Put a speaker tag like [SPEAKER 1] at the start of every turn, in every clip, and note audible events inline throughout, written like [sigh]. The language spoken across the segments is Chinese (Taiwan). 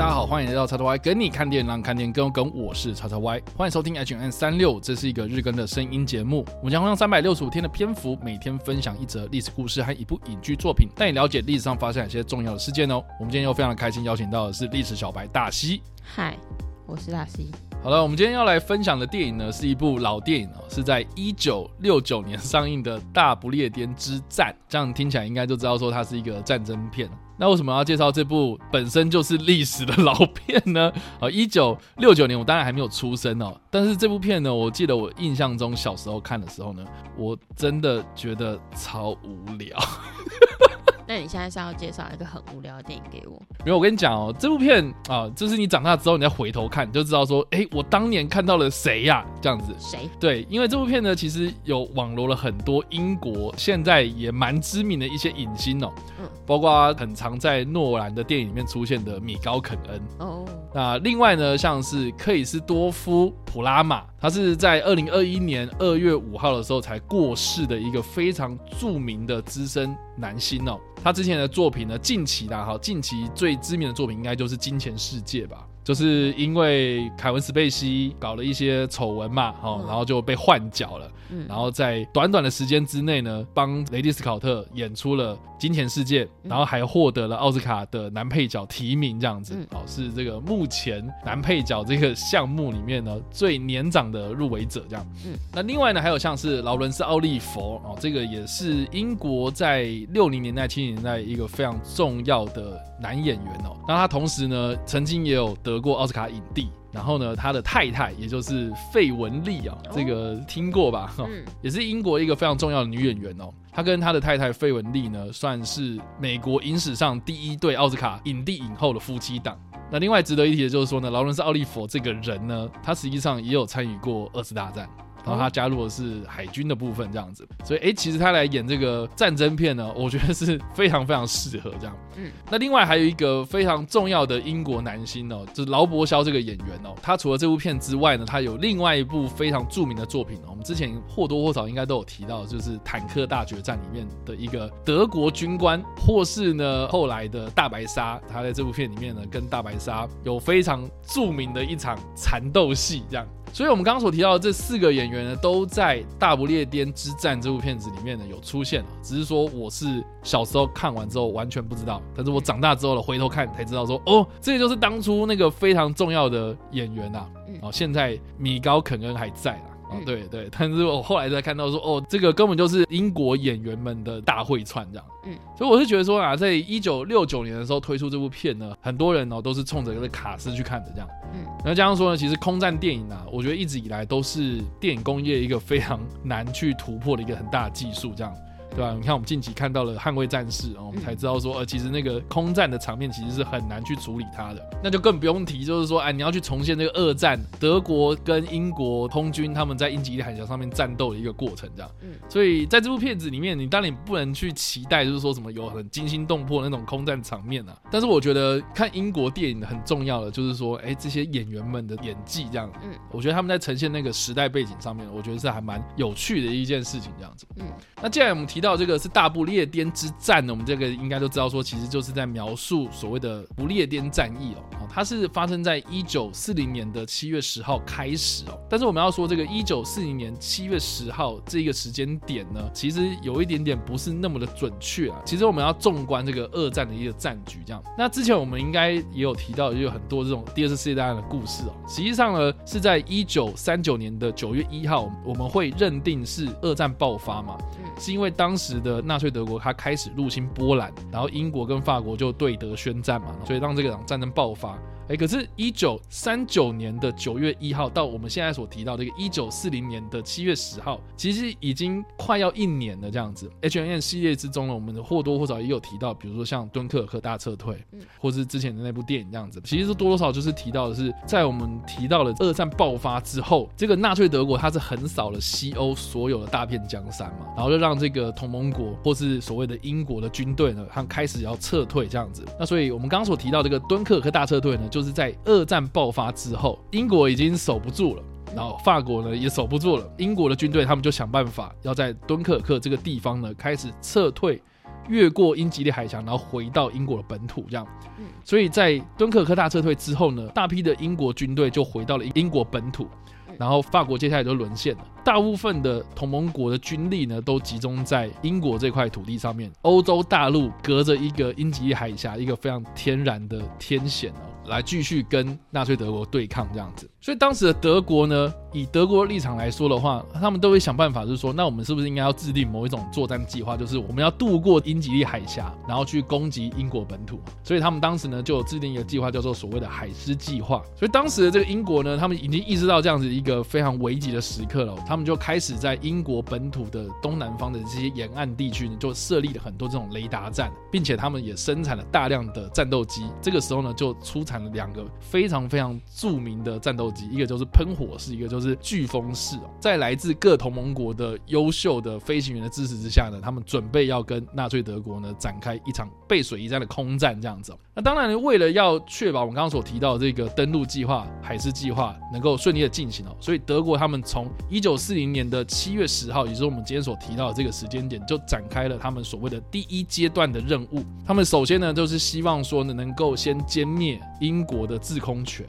[SPEAKER 1] 大家好，歡迎來到 XXY，梗你看電影，讓看電影更梗。我是 XXY，歡迎收聽 H&M 三六五，這是一個日更的聲音節目。我們將會用三百六十五天的篇幅，每天分享一則歷史故事和一部影劇作品，帶你了解歷史上發生哪些重要的事件哦。我們今天又非常開心邀請到的是歷史小白大西。
[SPEAKER 2] 嗨，我是大西。
[SPEAKER 1] 好了，我們今天要來分享的電影呢，是一部老電影哦，是在一九六九年上映的《大不列顛之戰》。這樣聽起來應該就知道說它是一個戰爭片。那為什麼要介紹這部本身就是歷史的老片呢？啊，1969年我當然還沒有出生哦，但是這部片呢，我記得我印象中小時候看的時候呢，我真的覺得超無聊。 [laughs]
[SPEAKER 2] 那你現在是要介紹一個很無聊的電影給我？
[SPEAKER 1] 沒有，我跟你講哦，這部片啊，呃，就是你長大之後，你再回頭看，就知道說，哎，我當年看到了誰呀，啊？這樣子。誰？對，因為這部片呢，其實有網羅了很多英國現在也蠻知名的一些影星哦，嗯，包括很常在諾蘭的電影裡面出現的米高肯恩哦。那另外呢，像是克里斯多夫普拉瑪，他是在二零二一年二月五號的時候才過世的一個非常著名的資深男星哦。他之前的作品呢？近期的哈，近期最知名的作品應該就是《金錢世界》吧？就是因為凱文·斯貝西搞了一些醜聞嘛，好、哦嗯，然後就被換角了。嗯，然後在短短的時間之內呢，幫雷迪斯考特演出了。金錢世界，然後還獲得了奧斯卡的男配角提名，這樣子，嗯、哦，是這個目前男配角這個項目裡面呢最年長的入圍者這樣，嗯。那另外呢，還有像是勞倫斯·奧利佛哦，這個也是英國在六零年代、七零年代一個非常重要的男演員哦。那他同時呢，曾經也有得過奧斯卡影帝。然後呢，他的太太也就是費雯麗啊，這個聽過吧？嗯，也是英國一個非常重要的女演員哦。他跟他的太太費雯麗呢，算是美國影史上第一對奧斯卡影帝影後的夫妻檔。那另外值得一提的就是說呢，勞倫斯·奧利佛這個人呢，他實際上也有參與過二次大戰。然後他加入的是海軍的部分，這樣子，所以誒其實他來演這個戰爭片呢，我覺得是非常非常適合這樣。嗯，那另外還有一個非常重要的英國男星哦，就是勞勃蕭這個演員哦，他除了這部片之外呢，他有另外一部非常著名的作品哦，我們之前或多或少應該都有提到，就是《坦克大決戰》裡面的一個德國軍官，或是呢後來的大白鯊，他在這部片裡面呢跟大白鯊有非常著名的一場纏鬥戲這樣。所以，我們剛剛所提到的這四個演員呢，都在《大不列顛之戰》這部片子裡面呢有出現，只是說我是小時候看完之後完全不知道，但是我長大之後了回頭看才知道說，說哦，這就是當初那個非常重要的演員吶、啊。哦，啊，現在米高肯恩還在、啊啊、哦，對對，但是我後來才看到說，哦，這個根本就是英國演員們的大會串這樣，嗯，所以我是覺得說啊，在一九六九年的時候推出這部片呢，很多人哦都是衝着這個卡司去看的這樣，嗯，那加上說呢，其實空戰電影啊，我覺得一直以來都是電影工業一個非常難去突破的一個很大的技術這樣。對吧，啊，你看我們近期看到了《捍衛戰士》，哦，我們才知道說，呃，其實那個空戰的場面其實是很難去處理它的，那就更不用提，就是說，哎、啊，你要去重現那個二戰德國跟英國空軍他們在英吉利海峽上面戰鬥的一個過程，這樣。嗯。所以在這部片子裡面，你當然不能去期待，就是說什麼有很驚心動魄的那種空戰場面啊。但是我覺得看英國電影很重要的就是說，哎，這些演員們的演技這樣。嗯。我覺得他們在呈現那個時代背景上面，我覺得是還蠻有趣的一件事情，這樣子。嗯。那既然我們提。提到這個是大不列顛之戰呢，我們這個應該都知道，說其實就是在描述所謂的不列顛戰役哦、喔。它是發生在一九四零年的七月十號開始哦，但是我們要說這個一九四零年七月十號這一個時間點呢，其實有一點點不是那麼的準確啊。其實我們要縱觀這個二戰的一個戰局這樣，那之前我們應該也有提到，也有很多這種第二次世界大戰的故事哦。實際上呢，是在一九三九年的九月一號，我們會認定是二戰爆發嘛，是因為當時的納粹德國它開始入侵波蘭，然後英國跟法國就對德宣戰嘛，所以讓這個戰爭爆發。哎、欸，可是，一九三九年的九月一號到我們現在所提到這個一九四零年的七月十號，其實已經快要一年了。這樣子，H&M 系列之中呢，我們或多或少也有提到，比如說像敦刻爾克大撤退，或是之前的那部電影這樣子，其實多多少少就是提到的是，在我們提到了二戰爆發之後，這個納粹德國它是橫掃了西歐所有的大片江山嘛，然後就讓這個同盟國或是所謂的英國的軍隊呢，它開始要撤退這樣子。那所以我們剛剛所提到這個敦刻爾克大撤退呢，就就是在二戰爆發之後，英國已經守不住了，然後法國呢也守不住了。英國的軍隊他們就想辦法要在敦克爾克這個地方呢開始撤退，越過英吉利海峽，然後回到英國的本土這樣。所以在敦克爾克大撤退之後呢，大批的英國軍隊就回到了英國本土，然後法國接下來就淪陷了。大部分的同盟國的軍力呢都集中在英國這塊土地上面，歐洲大陸隔着一個英吉利海峽，一個非常天然的天險。來繼續跟納粹德國對抗這樣子，所以當時的德國呢，以德國立場來說的話，他們都會想辦法，就是說，那我們是不是應該要制定某一種作戰計劃？就是我們要渡過英吉利海峽，然後去攻擊英國本土。所以他們當時呢，就制定一個計劃，叫做所謂的“海獅計劃”。所以當時的這個英國呢，他們已經意識到這樣子一個非常危急的時刻了，他們就開始在英國本土的東南方的這些沿岸地區呢，就設立了很多這種雷達站，並且他們也生產了大量的戰鬥機。這個時候呢，就出產了兩個非常非常著名的戰鬥機，一個就是噴火式，是一個就是。是颶風式、哦，在來自各同盟國的優秀的飛行員的支持之下呢，他們準備要跟納粹德國呢展開一場背水一戰的空戰，這樣子、哦。那當然，為了要確保我們剛剛所提到的這個登陸計劃、海獅計劃能夠順利的進行哦，所以德國他們從一九四零年的七月十號，也就是我們今天所提到的這個時間點，就展開了他們所謂的第一階段的任務。他們首先呢，就是希望說呢，能夠先殲滅英國的制空權。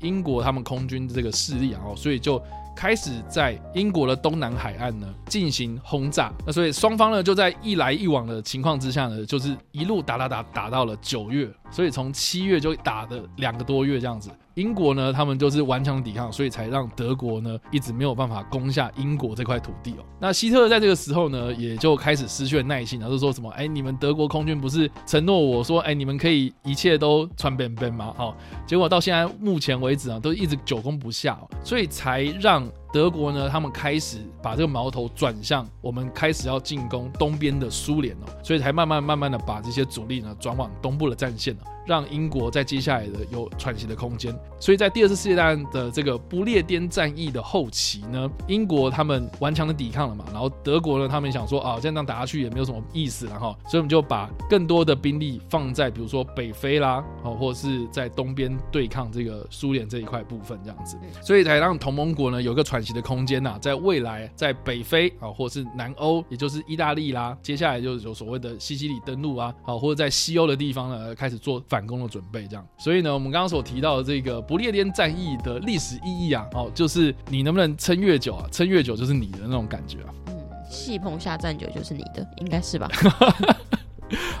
[SPEAKER 1] 英國他們空軍的這個勢力啊，所以就開始在英國的東南海岸呢進行轟炸。那所以雙方呢就在一來一往的情況之下呢，就是一路打打打打到了九月。所以從七月就打了兩個多月這樣子，英國呢，他們就是頑強抵抗，所以才讓德國呢一直沒有辦法攻下英國這塊土地哦。那希特勒在這個時候呢，也就開始失去了耐心，然後就說什麼：“哎，你們德國空軍不是承諾我說，哎，你們可以一切都穿 benben 嗎？”好、哦，結果到現在目前為止啊，都一直久攻不下、哦，所以才讓。德國呢，他們開始把這個矛頭轉向我們，開始要進攻東邊的蘇聯哦，所以才慢慢慢慢的把這些主力呢轉往東部的戰線了哦。讓英國在接下來的有喘息的空間，所以在第二次世界大戰的這個不列顛戰役的後期呢，英國他們頑強的抵抗了嘛，然後德國呢，他們想說啊，現這樣打下去也沒有什麼意思，然後，所以我們就把更多的兵力放在比如說北非啦，啊，或者是在東邊對抗這個蘇聯這一塊部分這樣子，所以才讓同盟國呢有個喘息的空間吶，在未來在北非啊，或是南歐，也就是意大利啦，接下來就是有所謂的西西里登陸啊，好，或者在西歐的地方呢開始做。反攻的準備，這樣。所以呢，我們剛剛所提到的這個不列顛戰役的歷史意義啊，哦，就是你能不能撐越久啊？撐越久就是你的那種感覺啊。嗯，
[SPEAKER 2] 戲棚下站久就是你的，應該是吧？ [laughs] [laughs]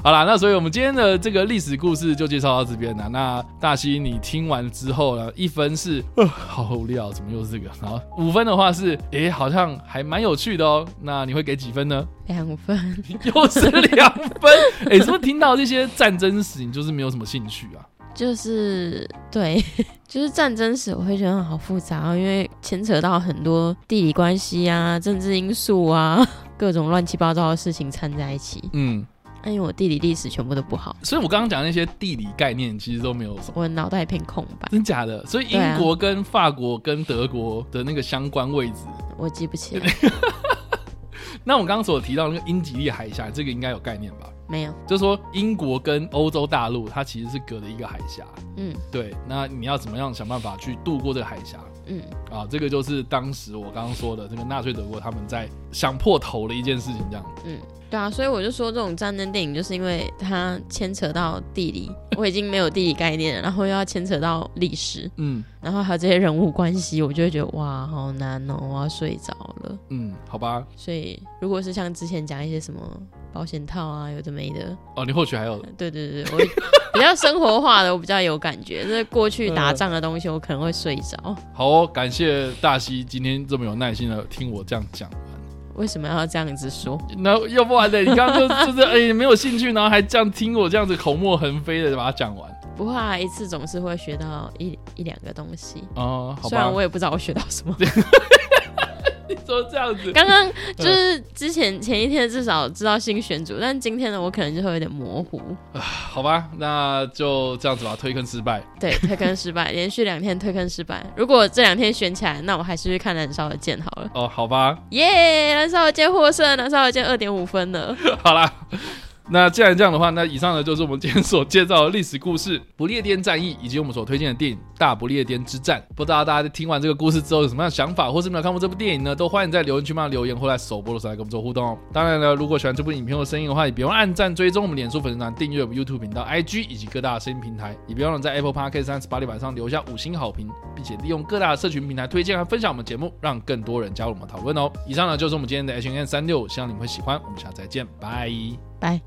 [SPEAKER 1] 好啦，那所以我們今天的這個歷史故事就介紹到這邊了。那大西，你聽完之後呢，一分是呃好無聊，怎麼又是這個？然後五分的話是誒，好像還蠻有趣的哦。那你會給幾分呢？兩分，又是兩分？哎， [laughs] 是不是聽到這些戰爭史，你就是沒有什麼興趣啊？
[SPEAKER 2] 就是對，就是戰爭史，我會覺得很好複雜，因為牽扯到很多地理關係啊、政治因素啊，各種亂七八糟的事情摻在一起。嗯。因、哎、為我地理歷史全部都不好，
[SPEAKER 1] 所以我剛剛講那些地理概念其實都沒有什麼。我腦
[SPEAKER 2] 袋一片空白，真假
[SPEAKER 1] 的？所以英國跟法國跟德國的那個相關位置，啊、我記不起來。 [laughs] 那我剛剛所提到那個英吉利海峽，這個應該有概念吧？沒有，就是說英國跟歐洲大陸，它其實是隔了一個海峽。嗯，對。那你要怎麼樣想辦法去渡過這個海峽？嗯，啊，這個就是當時我剛剛說的那、這個納粹德國他們在想破頭的一件事情，這樣。嗯。
[SPEAKER 2] 對啊，所以我就說這種戰爭電影，就是因為它牽扯到地理， [laughs] 我已經沒有地理概念，然後又要牽扯到歷史，嗯，然後還有這些人物關係，我就會覺得哇，好難哦，我要睡着了。嗯，好吧。所以如果是像之前講一些什麼保險套啊，有的沒的。
[SPEAKER 1] 哦，你或許還有、呃。對對對，我
[SPEAKER 2] 比較生活化的，我比較有感覺。那 [laughs] 過去打仗的東西，我可能會睡着。嗯、
[SPEAKER 1] 好、哦，感謝大西今天這麼有耐心的聽我這樣講。為什麼要這樣子說？
[SPEAKER 2] 那要不然的，你剛剛說，就是
[SPEAKER 1] 哎，沒有興趣，然後還這樣聽我這樣子口沫橫飛的把它講完。
[SPEAKER 2] 不會，一次總是會學到一一兩個東西。哦，
[SPEAKER 1] 好吧，雖然我也
[SPEAKER 2] 不知道我學到什麼。 [laughs]
[SPEAKER 1] [laughs] 怎麼這樣子？剛
[SPEAKER 2] 剛就是之前前一天至少知道新選組，呃，但今天呢，我可能就會有點模糊，呃。
[SPEAKER 1] 好吧，那就這樣子吧，推坑失敗。
[SPEAKER 2] 對，推坑失敗， [laughs] 連續兩天推坑失敗。如果這兩天選起來，那我還是去看燃燒的劍好了。
[SPEAKER 1] 哦，呃，好吧。
[SPEAKER 2] 耶，yeah，燃燒的劍獲勝，燃燒的劍二點五分了。
[SPEAKER 1] 好啦。那既然這樣的話，那以上呢就是我們今天所介紹的歷史故事——不列顛戰役，以及我們所推薦的電影《大不列顛之戰》。不知道大家在聽完這個故事之後有什麼樣的想法，或是沒有看過這部電影呢？都歡迎在留言區幫留言，或在首播的時候來跟我們做互動哦。當然了，如果喜歡這部影片或聲音的話，也別忘按讚、追蹤我們臉書粉絲團、訂閱我們 YouTube 頻道、IG 以及各大聲音平台，也別忘在 Apple Podcast 和 Spotify 版上留下五星好評，並且利用各大的社群平台推薦和分享我們節目，讓更多人加入我們討論哦。以上呢就是我們今天的 H&M 365，希望你們會喜歡。我們下次再見，拜
[SPEAKER 2] 拜。